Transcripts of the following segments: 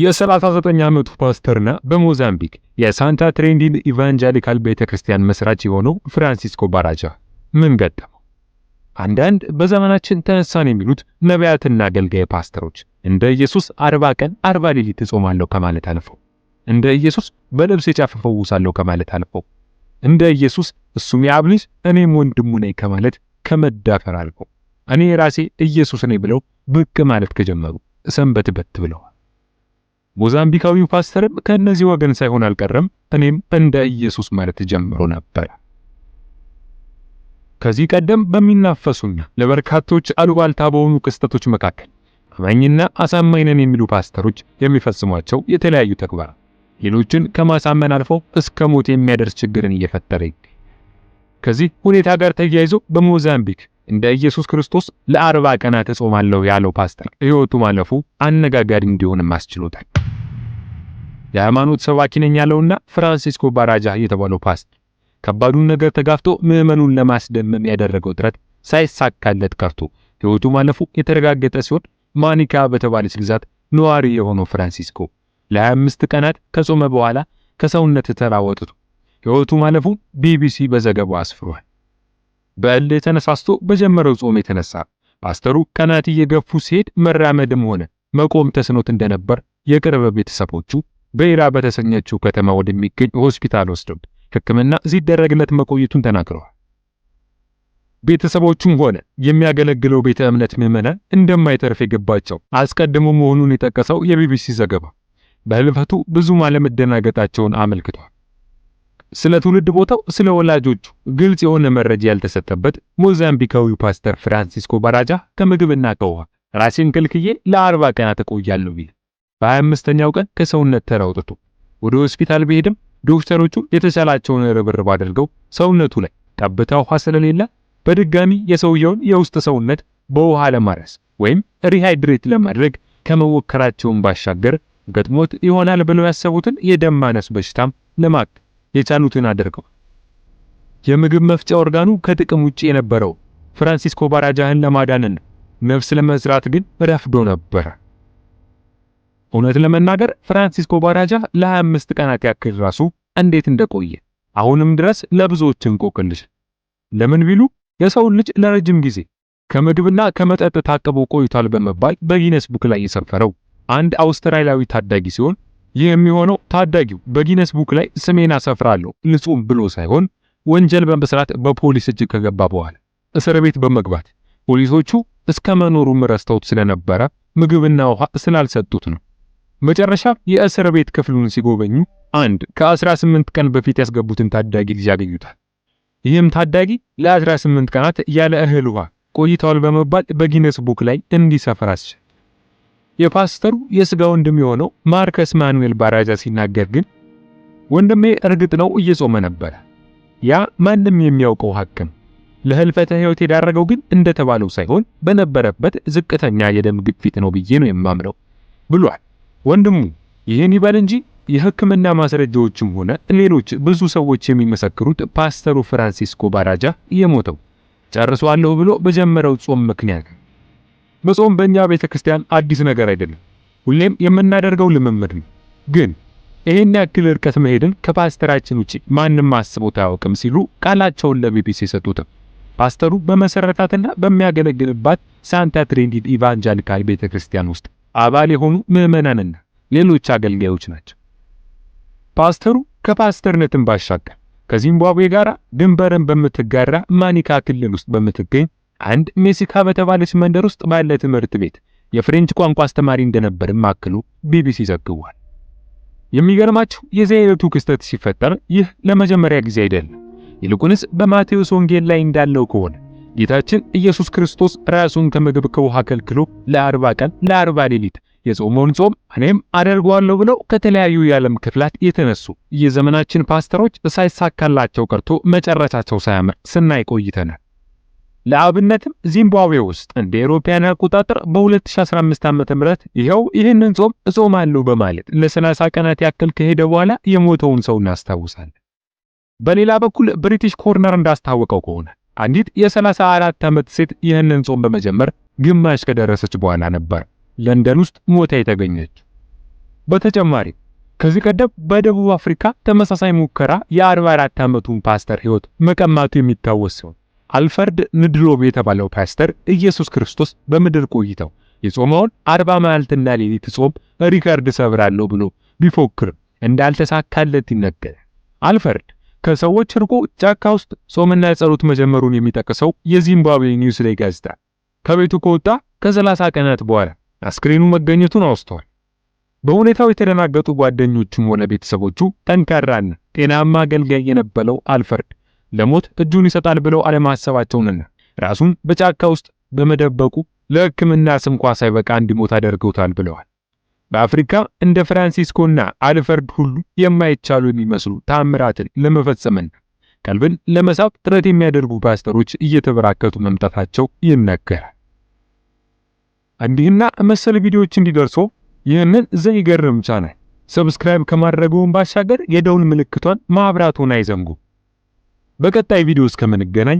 የ39 ዓመቱ ፓስተርና በሞዛምቢክ የሳንታ ትሬንዲን ኢቫንጀሊካል ቤተክርስቲያን መስራች የሆነው ፍራንሲስኮ ባራጃ ምን ገጠመው? አንዳንድ በዘመናችን ተነሳን የሚሉት ነቢያትና አገልጋይ ፓስተሮች እንደ ኢየሱስ አርባ ቀን አርባ ሌሊት እጾማለሁ ከማለት አልፈው እንደ ኢየሱስ በልብስ የጫፍ እፈውሳለሁ ከማለት አልፈው እንደ ኢየሱስ እሱም የአብ ልጅ እኔም ወንድሙ ነኝ ከማለት ከመዳፈር አልፈው እኔ ራሴ ኢየሱስ ነኝ ብለው ብቅ ማለት ከጀመሩ ሰንበት በት ብለዋል። ሞዛምቢካዊው ፓስተርም ከእነዚህ ወገን ሳይሆን አልቀረም። እኔም እንደ ኢየሱስ ማለት ጀምሮ ነበር። ከዚህ ቀደም በሚናፈሱና ለበርካቶች አሉባልታ በሆኑ ክስተቶች መካከል አማኝና አሳማኝ ነን የሚሉ ፓስተሮች የሚፈጽሟቸው የተለያዩ ተግባራት ሌሎችን ከማሳመን አልፎ እስከ ሞት የሚያደርስ ችግርን እየፈጠረ ይገኛል። ከዚህ ሁኔታ ጋር ተያይዞ በሞዛምቢክ እንደ ኢየሱስ ክርስቶስ ለአርባ ቀናት እጾማለሁ ያለው ፓስተር ሕይወቱ ማለፉ አነጋጋሪ እንዲሆንም አስችሎታል። የሃይማኖት ሰባኪ ነኝ ያለውና ፍራንሲስኮ ባራጃ የተባለው ፓስተር ከባዱን ነገር ተጋፍቶ ምዕመኑን ለማስደመም ያደረገው ጥረት ሳይሳካለት ቀርቶ ሕይወቱ ማለፉ የተረጋገጠ ሲሆን ማኒካ በተባለች ግዛት ነዋሪ የሆነው ፍራንሲስኮ ለ25 ቀናት ከጾመ በኋላ ከሰውነት ተራ ወጥቶ ሕይወቱ ማለፉ ቢቢሲ በዘገባው አስፍሯል። በእልህ ተነሳስቶ በጀመረው ጾም የተነሳ ፓስተሩ ቀናት እየገፉ ሲሄድ መራመድም ሆነ መቆም ተስኖት እንደነበር የቅርብ ቤተሰቦቹ በኢራ በተሰኘችው ከተማ ወደሚገኝ ሆስፒታል ወስደው ሕክምና ሲደረግለት መቆየቱን ተናግረዋል። ቤተሰቦቹም ሆነ የሚያገለግለው ቤተ እምነት ምዕመናን እንደማይተርፍ የገባቸው አስቀድሞ መሆኑን የጠቀሰው የቢቢሲ ዘገባ በህልፈቱ ብዙም አለመደናገጣቸውን አመልክቷል። ስለ ትውልድ ቦታው፣ ስለ ወላጆቹ ግልጽ የሆነ መረጃ ያልተሰጠበት ሞዛምቢካዊ ፓስተር ፍራንሲስኮ ባራጃ ከምግብና ከውሃ ራሴን ከልክዬ ለአርባ ቀናት እቆያለሁ ቢል በ25ኛው ቀን ከሰውነት ተራውጥቶ ወደ ሆስፒታል ቢሄድም ዶክተሮቹ የተቻላቸውን ርብርብ አድርገው ሰውነቱ ላይ ጠብታ ውሃ ስለሌለ በድጋሚ የሰውየውን የውስጥ ሰውነት በውሃ ለማረስ ወይም ሪሃይድሬት ለማድረግ ከመሞከራቸውን ባሻገር ገጥሞት ይሆናል ብለው ያሰቡትን የደም ማነስ በሽታም ለማቅ የቻሉትን አድርገው። የምግብ መፍጫ ኦርጋኑ ከጥቅም ውጪ የነበረው ፍራንሲስኮ ባራጃህን ለማዳንን ነፍስ ለመዝራት ግን ረፍዶ ነበር። እውነት ለመናገር ፍራንሲስኮ ባራጃ ለ25 ቀናት ያክል ራሱ እንዴት እንደቆየ አሁንም ድረስ ለብዙዎች እንቆቅልሽ። ለምን ቢሉ የሰውን ልጅ ለረጅም ጊዜ ከምግብና ከመጠጥ ታቅቦ ቆይቷል በመባል በጊነስ ቡክ ላይ የሰፈረው አንድ አውስትራሊያዊ ታዳጊ ሲሆን ይህ የሚሆነው ታዳጊው በጊነስ ቡክ ላይ ስሜን አሰፍራለሁ ንጹህ ብሎ ሳይሆን ወንጀል በመስራት በፖሊስ እጅ ከገባ በኋላ እስር ቤት በመግባት ፖሊሶቹ እስከ መኖሩም ረስተውት ስለነበረ ምግብና ውሃ ስላልሰጡት ነው። መጨረሻ የእስር ቤት ክፍሉን ሲጎበኙ አንድ ከ18 ቀን በፊት ያስገቡትን ታዳጊ ልጅ ያገኙታል። ይህም ታዳጊ ለ18 ቀናት ያለ እህል ውሃ ቆይተዋል በመባል በጊነስ ቡክ ላይ እንዲሰፍር አስችል የፓስተሩ የሥጋ ወንድም የሆነው ማርከስ ማኑኤል ባራጃ ሲናገር ግን ወንድሜ እርግጥ ነው እየጾመ ነበረ። ያ ማንም የሚያውቀው ሐክም ለህልፈተ ሕይወት የዳረገው ግን እንደተባለው ሳይሆን በነበረበት ዝቅተኛ የደም ግፊት ነው ብዬ ነው የማምነው ብሏል። ወንድሙ ይህን ይበል እንጂ የሕክምና ማስረጃዎችም ሆነ ሌሎች ብዙ ሰዎች የሚመሰክሩት ፓስተሩ ፍራንሲስኮ ባራጃ የሞተው ጨርሷለሁ ብሎ በጀመረው ጾም ምክንያት መጾም በእኛ ቤተ ክርስቲያን አዲስ ነገር አይደለም። ሁሌም የምናደርገው ልምምድ ነው። ግን ይህን ያክል እርቀት መሄድን ከፓስተራችን ውጪ ማንም አስቦት አያውቅም ሲሉ ቃላቸውን ለቢቢሲ ሰጡት። ፓስተሩ በመሰረታትና በሚያገለግልባት ሳንታ ትሪኒቲ ኢቫንጀሊካል ቤተ ክርስቲያን ውስጥ አባል የሆኑ ምዕመናንና ሌሎች አገልጋዮች ናቸው። ፓስተሩ ከፓስተርነትን ባሻገር ከዚምባብዌ ጋር ድንበርን በምትጋራ ማኒካ ክልል ውስጥ በምትገኝ አንድ ሜሲካ በተባለች መንደር ውስጥ ባለ ትምህርት ቤት የፍሬንች ቋንቋ አስተማሪ እንደነበርም ማክሉ ቢቢሲ ዘግቧል። የሚገርማችሁ የዚህ አይነቱ ክስተት ሲፈጠር ይህ ለመጀመሪያ ጊዜ አይደለም። ይልቁንስ በማቴዎስ ወንጌል ላይ እንዳለው ከሆነ ጌታችን ኢየሱስ ክርስቶስ ራሱን ከምግብ ከውሃ ከልክሎ ለአርባ ቀን ለአርባ ሌሊት የጾመውን ጾም እኔም አደርገዋለሁ ብለው ከተለያዩ የዓለም ክፍላት የተነሱ የዘመናችን ፓስተሮች ሳይሳካላቸው ቀርቶ መጨረሻቸው ሳያምር ስናይ ቆይተናል። ለአብነትም ዚምባብዌ ውስጥ እንደ ኤሮፓያን አቆጣጠር በ2015 ም ይኸው ይህንን ጾም እጾማለሁ በማለት ለ30 ቀናት ያክል ከሄደ በኋላ የሞተውን ሰው እናስታውሳለን። በሌላ በኩል ብሪቲሽ ኮርነር እንዳስታወቀው ከሆነ አንዲት የ34 ዓመት ሴት ይህንን ጾም በመጀመር ግማሽ ከደረሰች በኋላ ነበር ለንደን ውስጥ ሞታ የተገኘች። በተጨማሪ ከዚህ ቀደም በደቡብ አፍሪካ ተመሳሳይ ሙከራ የ44 ዓመቱን ፓስተር ሕይወት መቀማቱ የሚታወስ ሲሆን አልፈርድ ንድሎብ የተባለው ፓስተር ኢየሱስ ክርስቶስ በምድር ቆይተው የጾመውን አርባ መዓልትና ሌሊት ጾም ሪከርድ ሰብራለሁ ብሎ ቢፎክር እንዳልተሳካለት ይነገራል። አልፈርድ ከሰዎች ርቆ ጫካ ውስጥ ጾምና ጸሎት መጀመሩን የሚጠቅሰው የዚምባብዌ ኒውስ ላይ ጋዜጣ ከቤቱ ከወጣ ከሰላሳ ቀናት በኋላ አስክሬኑ መገኘቱን አውስተዋል። በሁኔታው የተደናገጡ ጓደኞቹም ሆነ ቤተሰቦቹ ጠንካራና ጤናማ አገልጋይ የነበለው አልፈርድ ለሞት እጁን ይሰጣል ብለው አለማሰባቸውንና ራሱን በጫካ ውስጥ በመደበቁ ለሕክምና ስንኳ ሳይበቃ እንዲሞት አደርገውታል ብለዋል። በአፍሪካ እንደ ፍራንሲስኮና አልፈርድ ሁሉ የማይቻሉ የሚመስሉ ታምራትን ለመፈጸምና ቀልብን ለመሳብ ጥረት የሚያደርጉ ፓስተሮች እየተበራከቱ መምጣታቸው ይነገራል። እንዲህና መሰል ቪዲዮዎች እንዲደርሱ ይህንን ዘይገርም ቻናል ሰብስክራይብ ከማድረጉን ባሻገር የደውል ምልክቷን ማብራቱን አይዘንጉ። በቀጣይ ቪዲዮ እስከምንገናኝ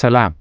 ሰላም።